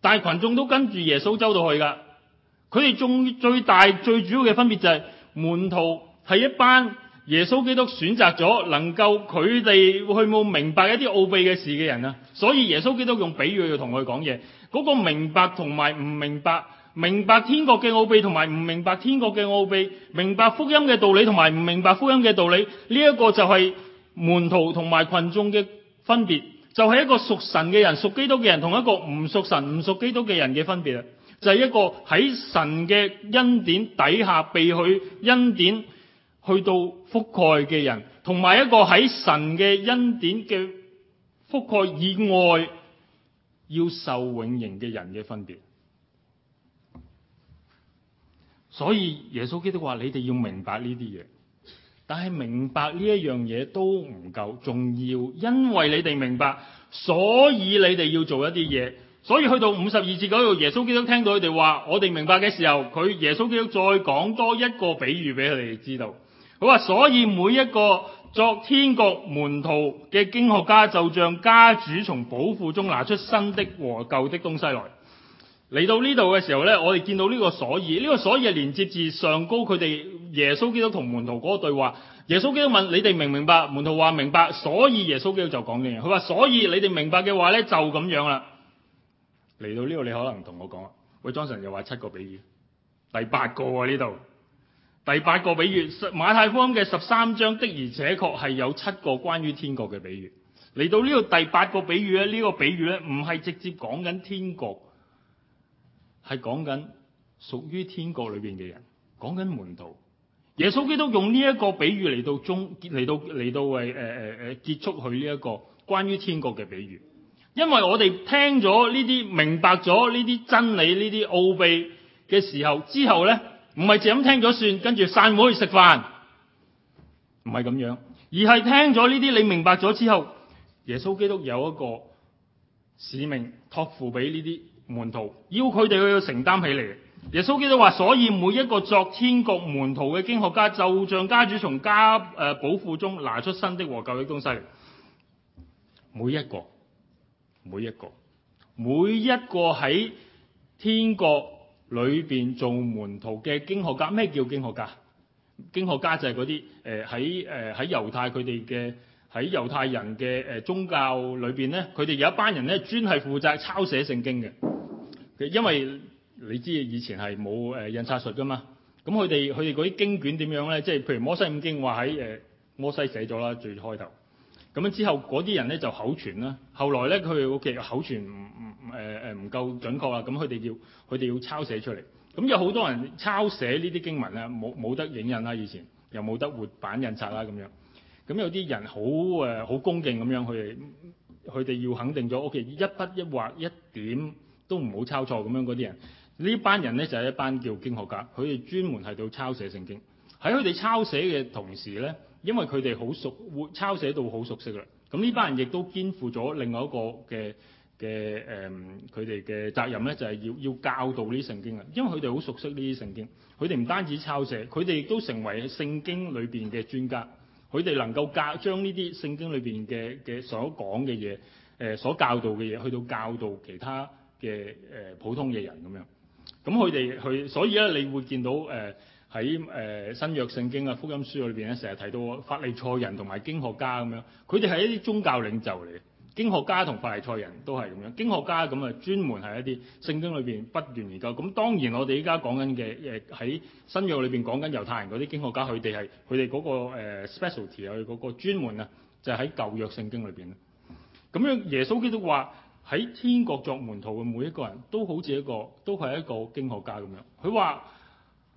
但係群眾都跟住耶穌周到去噶。佢哋中最大最主要嘅分別就係門徒係一班耶穌基督選擇咗能夠佢哋去冇明白一啲奧秘嘅事嘅人啊。所以耶穌基督用比喻嚟同佢講嘢。嗰個明白同埋唔明白，明白天國嘅奧秘同埋唔明白天國嘅奧秘，明白福音嘅道理同埋唔明白福音嘅道理，呢一個就係。門徒同埋群眾嘅分別，就係一個屬神嘅人，屬基督嘅人，同一個唔屬神、唔屬基督嘅人嘅分別啊！就係一個喺神嘅恩典底下被佢恩典去到覆蓋嘅人，同埋一個喺神嘅恩典嘅覆蓋以外要受永刑嘅人嘅分別。所以耶穌基督話：你哋要明白呢啲嘢。但係明白呢一樣嘢都唔夠重要，因為你哋明白，所以你哋要做一啲嘢。所以去到五十二節嗰度，耶穌基督聽到佢哋話我哋明白嘅時候，佢耶穌基督再講多一個比喻俾佢哋知道。好啊，所以每一個作天國門徒嘅經學家，就像家主從寶庫中拿出新的和舊的東西來。嚟到呢度嘅時候呢，我哋見到呢個所以呢、呢個所以係連接至上高佢哋耶穌基督同門徒嗰個對話。耶穌基督問：你哋明唔明白？門徒話明白，所以耶穌基督就講嘅嘢。佢話：所以你哋明白嘅話呢，就咁樣啦。嚟到呢度，你可能同我講啊，喂，Johnson 又話七個比喻，第八個呢、啊、度第八個比喻。馬太福音嘅十三章的而且確係有七個關於天國嘅比喻。嚟到呢度第八個比喻呢，呢、呢個比喻呢，唔係直接講緊天國。係講緊屬於天國裏邊嘅人，講緊門徒。耶穌基督用呢一個比喻嚟到終結嚟到嚟到為誒誒誒結束佢呢一個關於天國嘅比喻。因為我哋聽咗呢啲明白咗呢啲真理呢啲奧秘嘅時候之後咧，唔係淨係咁聽咗算，跟住散會去食飯，唔係咁樣，而係聽咗呢啲你明白咗之後，耶穌基督有一個使命托付俾呢啲。門徒要佢哋去承擔起嚟。耶穌基督話：「所以每一個作天國門徒嘅經學家，就像家主從家誒寶庫中拿出新的和舊嘅東西。」每一個，每一個，每一個喺天國裏邊做門徒嘅經學家，咩叫經學家？經學家就係嗰啲誒喺誒喺猶太佢哋嘅喺猶太人嘅誒、呃、宗教裏邊呢，佢哋有一班人呢，專係負責抄寫聖經嘅。因為你知以前係冇誒印刷術㗎嘛，咁佢哋佢哋嗰啲經卷點樣咧？即係譬如《摩西五經》話喺誒摩西寫咗啦，最開頭咁樣之後，嗰啲人咧就口傳啦。後來咧，佢哋屋企口傳唔唔誒誒唔夠準確啦，咁佢哋要佢哋要抄寫出嚟。咁有好多人抄寫呢啲經文咧，冇冇得影印啦，以前沒有又冇得活版印刷啦，咁樣咁有啲人好誒好恭敬咁樣，佢哋佢哋要肯定咗屋企一筆一畫一點。都唔好抄錯咁樣，嗰啲人，呢班人呢，就係一班叫經學家，佢哋專門係到抄寫聖經。喺佢哋抄寫嘅同時呢，因為佢哋好熟，會抄寫到好熟悉啦。咁呢班人亦都肩負咗另外一個嘅嘅誒，佢哋嘅責任呢，就係要要教導呢啲聖經啊。因為佢哋好熟悉呢啲聖經，佢哋唔單止抄寫，佢哋亦都成為聖經裏面嘅專家。佢哋能夠教將呢啲聖經裏面嘅嘅所講嘅嘢，誒所教導嘅嘢，去到教導其他嘅誒普通嘅人咁樣，咁佢哋佢所以咧，你會見到誒喺誒新約聖經啊福音書裏邊咧，成日提到法利賽人同埋經學家咁樣，佢哋係一啲宗教領袖嚟，經學家同法利賽人都係咁樣，經學家咁啊，專門係一啲聖經裏邊不斷研究。咁當然我哋依家講緊嘅誒喺新約裏邊講緊猶太人嗰啲經學家，佢哋係佢哋嗰個 specialty 啊，嗰個專門啊，就係喺舊約聖經裏邊啦。咁樣耶穌基督話。喺天國作門徒嘅每一個人都好似一個，都係一個經學家咁樣。佢話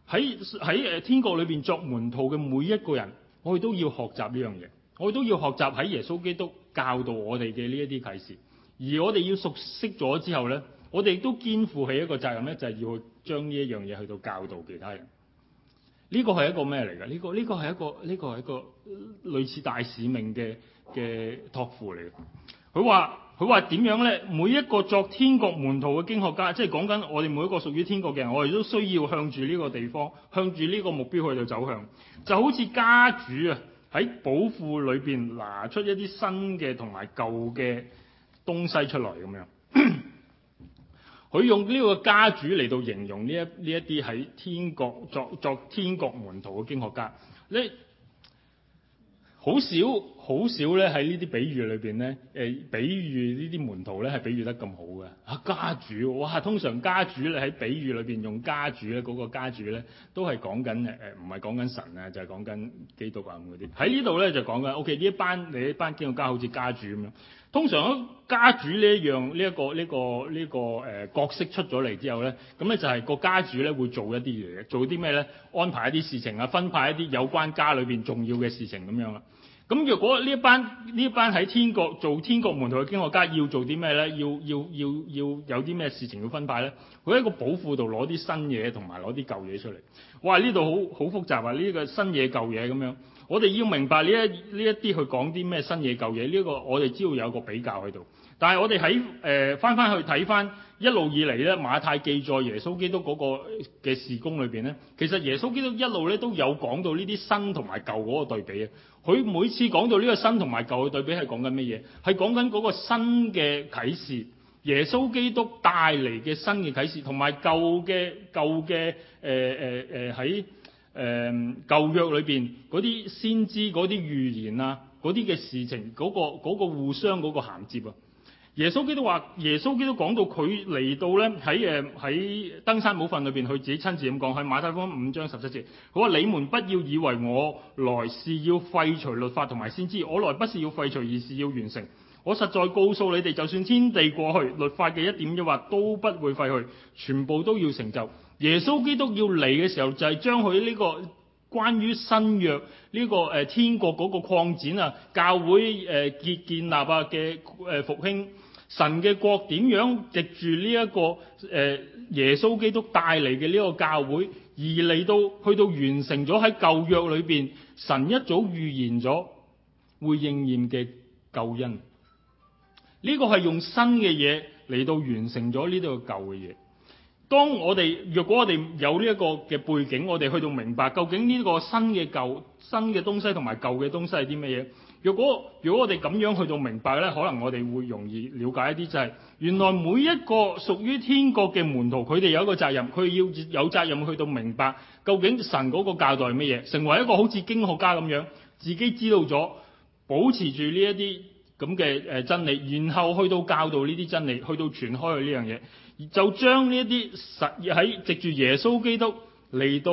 喺喺誒天國裏邊作門徒嘅每一個人，我哋都要學習呢樣嘢，我哋都要學習喺耶穌基督教導我哋嘅呢一啲啟示。而我哋要熟悉咗之後呢，我哋亦都肩負起一個責任呢，就係要去將呢一樣嘢去到教導其他人。呢個係一個咩嚟噶？呢個呢個係一個呢個係一個呢個係一個呃，類似大使命嘅嘅託付嚟。佢話。佢話點樣呢？每一個作天國門徒嘅經學家，即係講緊我哋每一個屬於天國嘅人，我哋都需要向住呢個地方，向住呢個目標去到走向，就好似家主啊喺寶庫裏邊拿出一啲新嘅同埋舊嘅東西出來咁樣。佢用呢個家主嚟到形容呢一呢一啲喺天國作作天國門徒嘅經學家。你好少，好少咧喺呢啲比喻裏面，咧、呃，比喻呢啲門徒咧係比喻得咁好嘅。啊，家主，哇！通常家主咧喺比喻裏面用家主咧，嗰、嗰個家主咧都係講緊誒誒，唔係講緊神啊，就係講緊基督啊嗰啲。喺呢度咧就講緊，O.K. 呢一班你一班基督徒好似家主咁樣。通常家主呢一樣呢一、呢個呢、呢個呢、呢個誒、呃、角色出咗嚟之後咧，咁咧就係個家主咧會做一啲嘢做啲咩咧？安排一啲事情啊，分派一啲有關家裏面重要嘅事情咁樣啦。咁若果呢一班呢一班喺天國做天國門徒嘅經學家要做啲咩咧？要要要要有啲咩事情要分派咧？佢喺個寶庫度攞啲新嘢同埋攞啲舊嘢出嚟。哇！呢度好好複雜啊！呢個新嘢舊嘢咁樣，我哋要明白呢一呢一啲去講啲咩新嘢舊嘢。呢個我哋只要有個比較喺度。但係我哋喺誒翻翻去睇翻。一路以嚟咧，馬太記載耶穌基督嗰個嘅事工裏邊，咧，其實耶穌基督一路咧都有講到呢啲新同埋舊嗰個對比啊。佢每次講到呢個新同埋舊嘅對比係講緊乜嘢？係講緊嗰個新嘅啟示，耶穌基督帶嚟嘅新嘅啟示，同埋舊嘅舊嘅誒誒誒喺誒舊約裏邊嗰啲先知嗰啲預言啊，嗰啲嘅事情嗰個嗰個互相嗰個銜接啊。耶穌基督話：耶穌基督講到佢嚟到咧，喺喺登山寶訓裏面，佢自己親自咁講喺馬太福音五章十七節，佢話：你們不要以為我來是要廢除律法同埋先知，我來不是要廢除，而是要完成。我實在告訴你哋，就算天地過去，律法嘅一點嘅話都不會廢去，全部都要成就。耶穌基督要嚟嘅時候，就係將佢呢個關於新約呢個誒天國嗰個擴展啊、教會結建建立啊嘅復興。神嘅國點樣藉住呢一個誒耶穌基督帶嚟嘅呢個教會而嚟到，去到完成咗喺舊約裏邊神一早預言咗會應驗嘅救恩呢，這個係用新嘅嘢嚟到完成咗呢度嘅舊嘅嘢，當我哋，若果我哋有呢一個嘅背景，我哋去到明白究竟呢個新嘅舊新嘅東西同埋舊嘅東西係啲乜嘢？如果如果我哋咁樣去到明白呢，可能我哋會容易了解一啲，就是，就係原來每一個屬於天國嘅門徒，佢哋有一個責任，佢要有責任去到明白究竟神嗰個教導係乜嘢，成為一個好似經學家咁樣，自己知道咗，保持住呢一啲咁嘅誒真理，然後去到教導呢啲真理，去到傳開呢樣嘢，就將呢一啲實喺藉住耶穌基督嚟到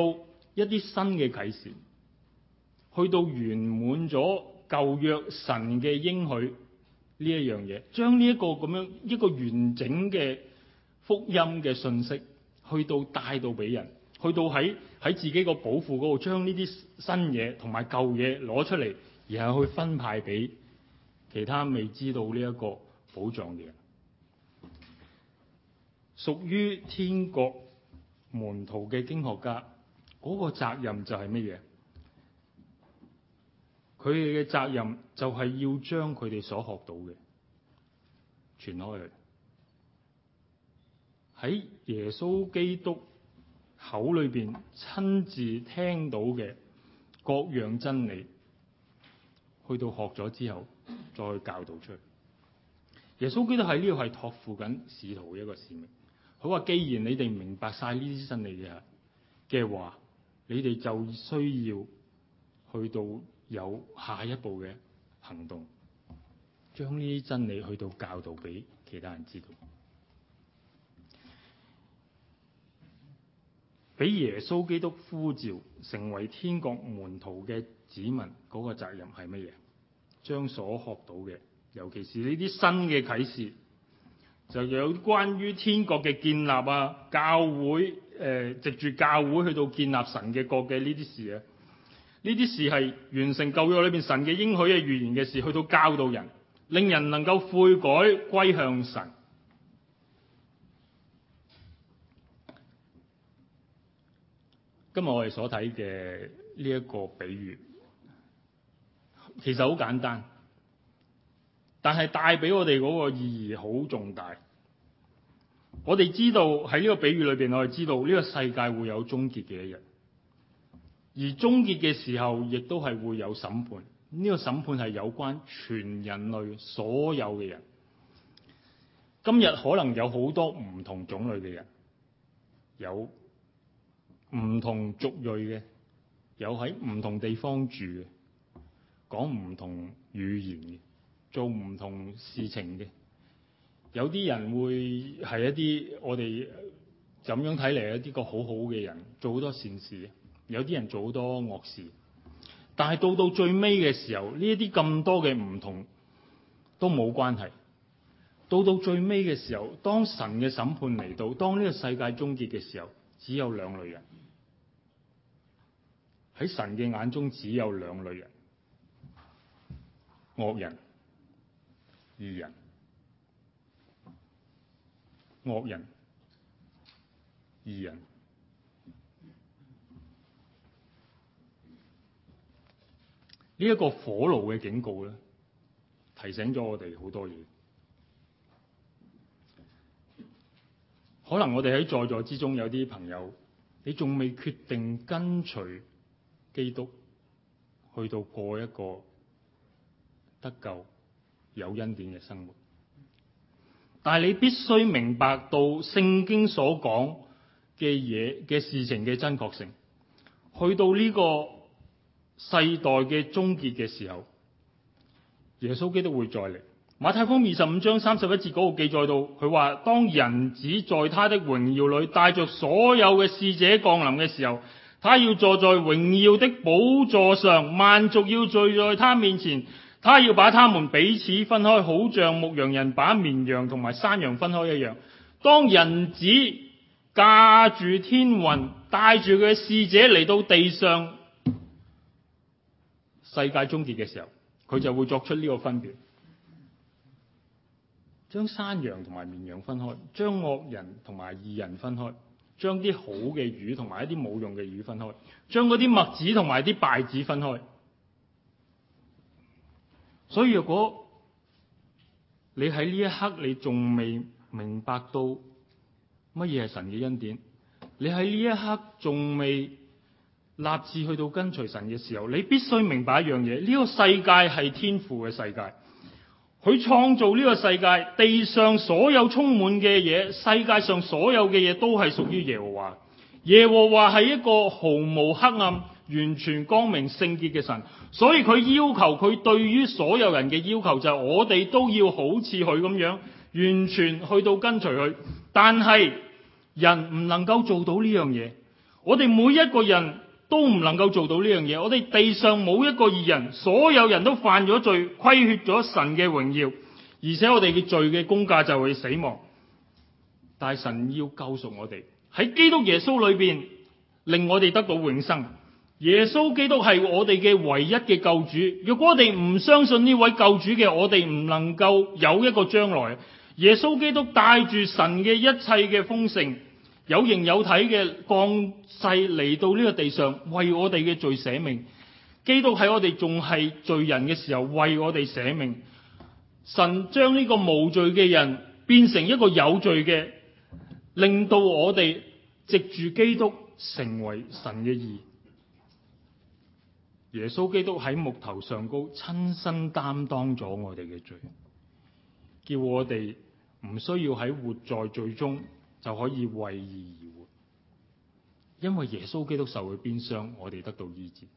一啲新嘅啟示，去到圓滿咗。舊約神嘅應許呢一樣嘢，將呢一個咁樣一個完整嘅福音嘅信息，去到帶到俾人，去到喺喺自己個寶庫嗰度，將呢啲新嘢同埋舊嘢攞出嚟，然後去分派俾其他未知道呢一個寶藏嘅人，屬於天國門徒嘅經學家嗰個責任就係乜嘢？佢哋嘅責任就係要將佢哋所學到嘅傳開去。喺耶穌基督口裏邊親自聽到嘅各樣真理，去到學咗之後再去教導出去。耶穌基督喺呢度係託付緊使徒嘅一個使命。佢話：既然你哋明白晒呢啲真理嘅嘅話，你哋就需要去到。有下一步嘅行動，將呢啲真理去到教導俾其他人知道，俾耶穌基督呼召成為天國門徒嘅子民嗰個責任係乜嘢？將所學到嘅，尤其是呢啲新嘅啟示，就有關於天國嘅建立啊、教會誒、呃，藉住教會去到建立神嘅國嘅呢啲事啊。呢啲事係完成舊約裏邊神嘅應許嘅預言嘅事，去到教導人，令人能夠悔改歸向神。今日我哋所睇嘅呢一個比喻，其實好簡單，但係帶俾我哋嗰個意義好重大。我哋知道喺呢個比喻裏邊，我哋知道呢個世界會有終結嘅一日。而終結嘅時候，亦都係會有審判。呢個審判係有關全人類所有嘅人。今日可能有好多唔同種類嘅人，有唔同族裔嘅，有喺唔同地方住嘅，講唔同語言嘅，做唔同事情嘅。有啲人會係一啲我哋噉樣睇嚟，一啲個好好嘅人，做好多善事。有啲人做好多惡事，但係到到最尾嘅時候，呢一啲咁多嘅唔同都冇關係。到到最尾嘅時候，當神嘅審判嚟到，當呢個世界終結嘅時候，只有兩類人，喺神嘅眼中只有兩類人：惡人、義人。惡人、義人。呢一個火爐嘅警告咧，提醒咗我哋好多嘢。可能我哋喺在，在座之中有啲朋友，你仲未決定跟隨基督去到過一個得救有恩典嘅生活，但係你必須明白到聖經所講嘅嘢嘅事情嘅真確性，去到呢、這個。世代嘅終結嘅時候，耶穌基督會再嚟。馬太福音二十五章三十一節嗰度記載到，佢話當人子在他的榮耀裡，帶着所有嘅使者降臨嘅時候，他要坐在榮耀的寶座上，萬族要聚在他面前，他要把他們彼此分開，好像牧羊人把綿羊同埋山羊分開一樣。當人子駕住天雲，帶住佢嘅使者嚟到地上，世界終結嘅時候，佢就會作出呢個分別，將山羊同埋綿羊分開，將惡人同埋義人分開，將啲好嘅魚同埋一啲冇用嘅魚分開，將嗰啲麥子同埋啲稗子分開。所以，如果你喺呢一刻你仲未明白到乜嘢係神嘅恩典，你喺呢一刻仲未。立志去到跟隨神嘅時候，你必須明白一樣嘢：呢個世界係天父嘅世界，佢創造呢個世界，地上所有充滿嘅嘢，世界上所有嘅嘢都係屬於耶和華。耶和華係一個毫無黑暗、完全光明、聖潔嘅神，所以佢要求佢對於所有人嘅要求就係我哋都要好似佢咁樣，完全去到跟隨佢。但係人唔能夠做到呢樣嘢，我哋每一個人。都唔能夠做到呢樣嘢，我哋地上冇一個義人，所有人都犯咗罪，虧缺咗神嘅榮耀，而且我哋嘅罪嘅工價就會死亡。但神要救贖我哋，喺基督耶穌裏邊，令我哋得到永生。耶穌基督係我哋嘅唯一嘅救主。若果我哋唔相信呢位救主嘅，我哋唔能夠有一個將來。耶穌基督帶住神嘅一切嘅豐盛。有形有體嘅降世嚟到呢個地上，為我哋嘅罪捨命。基督喺我哋仲係罪人嘅時候，為我哋捨命。神將呢個無罪嘅人變成一個有罪嘅，令到我哋藉住基督成為神嘅義。耶穌基督喺木頭上高，親身擔當咗我哋嘅罪，叫我哋唔需要喺活在罪中，就可以為義而，而活，因為耶穌基督受嘅鞭傷，我哋得到醫治。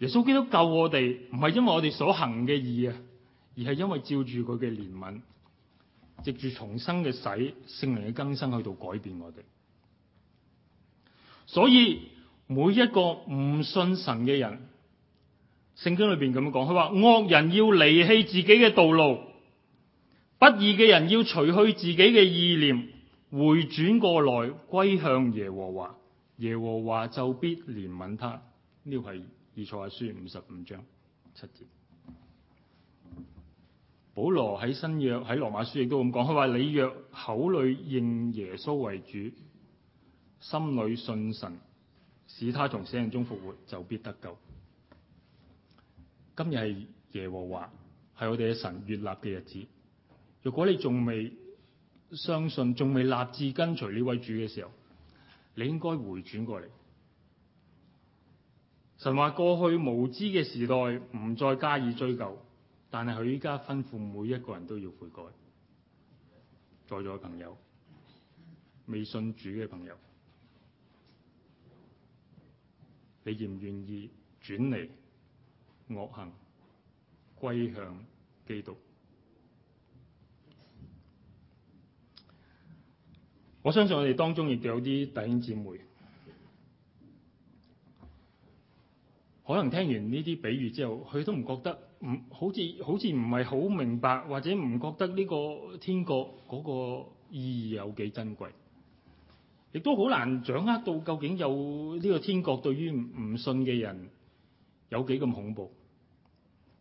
耶穌基督救我哋，唔係因為我哋所行嘅義啊，而係因為照住佢嘅憐憫，藉住重生嘅洗，聖靈嘅更新，去到改變我哋。所以每一個唔信神嘅人，聖經裏邊咁樣講，佢話惡人要離棄自己嘅道路。不義嘅人要除去自己嘅意念，回轉過來歸向耶和華，耶和華就必憐憫他。呢個係以賽亞書五十五章七節。保羅喺新約喺羅馬書亦都咁講，佢話，你若口裏認耶穌為主，心裏信神，使他從死人中復活，就必得救。今日係耶和華係我哋嘅神，月立嘅日子。如果你仲未相信，仲未立志跟隨呢位主嘅時候，你應該回轉過嚟。神話過去無知嘅時代唔再加以追究，但係佢依家吩咐每一個人都要悔改。在座嘅朋友，未信主嘅朋友，你願唔願意轉嚟惡行，歸向基督？我相信我哋當中亦都有啲弟兄姊妹，可能聽完呢啲比喻之後，佢都唔覺得唔好似好似唔係好明白，或者唔覺得呢個天國嗰個意義有幾珍貴，亦都好難掌握到究竟有呢個天國對於唔信嘅人有幾咁恐怖。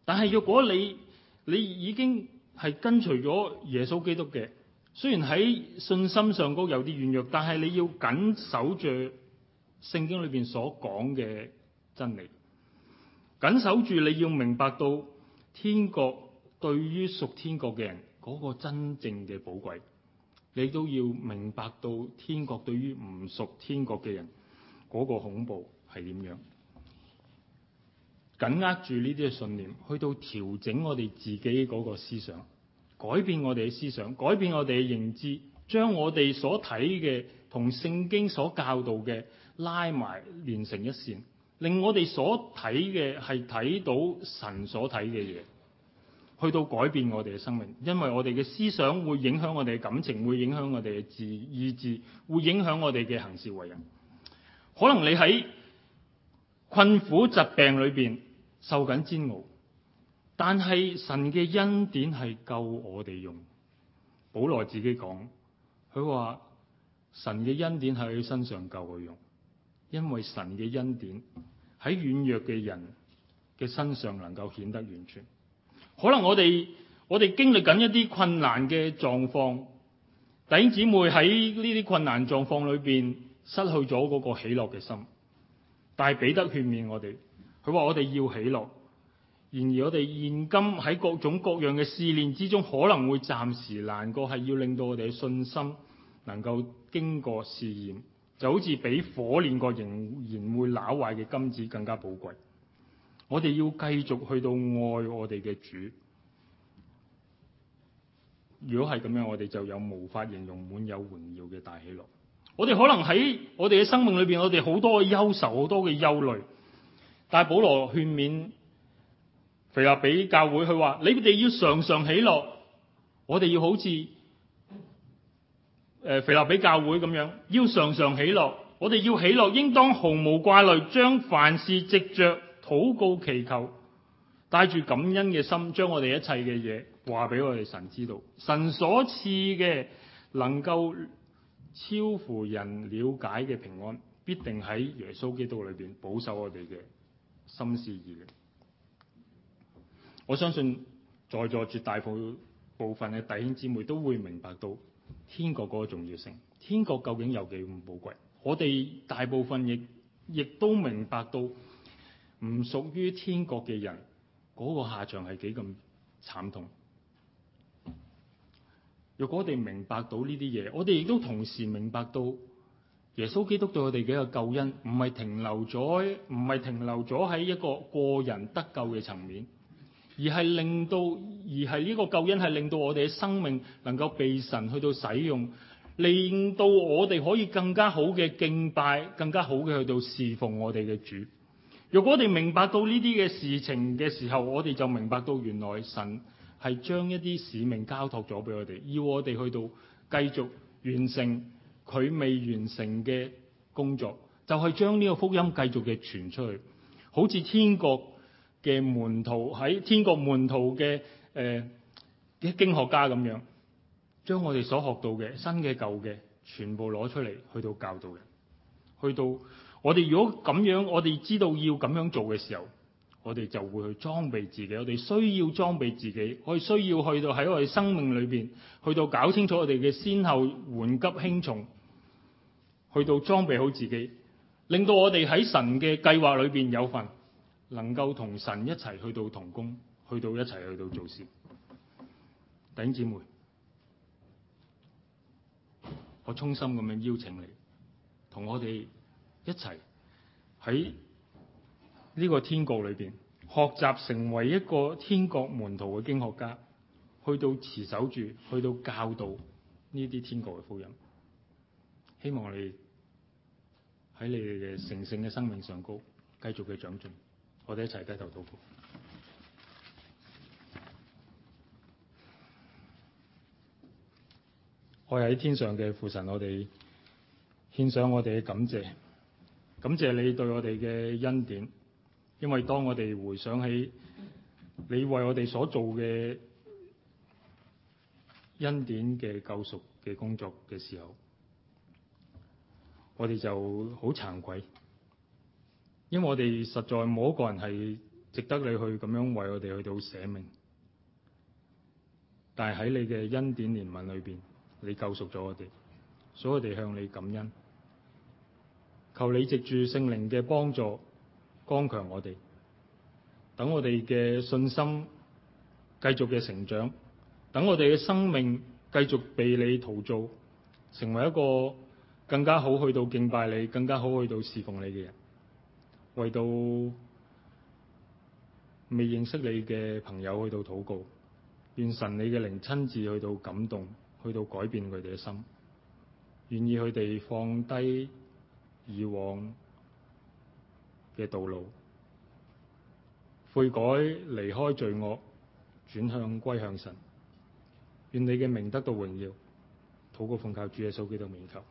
但係若果你你已經係跟隨咗耶穌基督嘅。雖然喺信心上高有啲軟弱，但係你要緊守住聖經裏邊所講嘅真理，緊守住你要明白到天國對於屬天國嘅人嗰個真正嘅寶貴，你都要明白到天國對於唔屬天國嘅人嗰個恐怖係點樣，緊握住呢啲嘅信念，去到調整我哋自己嗰個思想。改變我哋嘅思想，改變我哋嘅認知，將我哋所睇嘅同聖經所教導嘅拉埋連成一線，令我哋所睇嘅係睇到神所睇嘅嘢，去到改變我哋嘅生命，因為我哋嘅思想會影響我哋嘅感情，會影響我哋嘅意志，會影響我哋嘅行事為人。可能你喺困苦疾病裏邊受緊煎熬。但係神嘅恩典係夠我哋用，保羅自己講，佢話神嘅恩典喺佢身上夠佢用，因為神嘅恩典喺軟弱嘅人嘅身上能夠顯得完全。可能我哋我哋經歷緊一啲困難嘅狀況，弟兄姊妹喺呢啲困難狀況裏邊失去咗嗰個喜樂嘅心，但係彼得勸勉我哋，佢話我哋要喜樂。然而，我哋現今喺各種各樣嘅試煉之中，可能會暫時難過，係要令到我哋嘅信心能夠經過試驗，就好似比火煉過仍然會撈壞嘅金子更加寶貴。我哋要繼續去到愛我哋嘅主。如果係咁樣，我哋就有無法形容滿有榮耀嘅大喜樂，我哋可能喺我哋嘅生命裏邊，我哋好多嘅憂愁，好多嘅憂慮，但保羅勸勉。腓立比教會佢話：你哋要常常喜樂，我哋要好似誒腓立比教會咁樣，要常常喜樂。我哋要喜樂，應當毫無掛慮，將凡事藉着禱告祈求，帶住感恩嘅心，將我哋一切嘅嘢話俾我哋神知道。神所賜嘅能夠超乎人了解嘅平安，必定喺耶穌基督裏邊保守我哋嘅心思意念。我相信在座絕大部部分嘅弟兄姊妹都會明白到天國嗰個重要性。天國究竟有幾咁寶貴？我哋大部分亦亦都明白到唔屬於天國嘅人嗰，那個下場係幾咁慘痛。若果我哋明白到呢啲嘢，我哋亦都同時明白到耶穌基督對我哋嘅救恩唔係停留咗，唔係停留咗喺一個個人得救嘅層面。而係令到，而係呢個救恩係令到我哋嘅生命能夠被神去到使用，令到我哋可以更加好嘅敬拜，更加好嘅去到侍奉我哋嘅主。如果我哋明白到呢啲嘅事情嘅時候，我哋就明白到原來神係將一啲使命交託咗俾我哋，要我哋去到繼續完成佢未完成嘅工作，就係、是、將呢個福音繼續嘅傳出去，好似天國。嘅門徒喺天國門徒嘅誒、呃、經學家咁樣，將我哋所學到嘅新嘅舊嘅全部攞出嚟，去到教導人。去到我哋如果咁樣，我哋知道要咁樣做嘅時候，我哋就會去裝備自己。我哋需要裝備自己，我哋需要去到喺我哋生命裏面，去到搞清楚我哋嘅先後緩急輕重，去到裝備好自己，令到我哋喺神嘅計劃裏面有份。能夠同神一齊去到同工，去到一齊去到做事，弟兄姊妹，我衷心咁樣邀請你同我哋一齊喺呢個天國裏面學習，成為一個天國門徒嘅經學家，去到持守住，去到教導呢啲天國嘅福音。希望你喺你哋嘅成聖嘅生命上高，繼續嘅長進。我哋一齊低頭禱告。我喺天上嘅父神，我哋獻上我哋嘅感謝，感謝你對我哋嘅恩典。因為當我哋回想起你為我哋所做嘅恩典嘅救贖嘅工作嘅時候，我哋就好慚愧。因為我哋實在冇一個人係值得你去咁樣為我哋去到捨命，但係喺你嘅恩典憐憫裏邊，你救贖咗我哋，所以我哋向你感恩。求你藉住聖靈嘅幫助，剛強我哋，等我哋嘅信心繼續嘅成長，等我哋嘅生命繼續被你陶造，成為一個更加好去到敬拜你、更加好去到侍奉你嘅人。為到未認識你嘅朋友去到禱告，願神你嘅靈親自去到感動，去到改變佢哋嘅心，願意佢哋放低以往嘅道路，悔改離開罪惡，轉向歸向神。願你嘅名得到榮耀，禱告奉靠主耶穌基督嘅名求，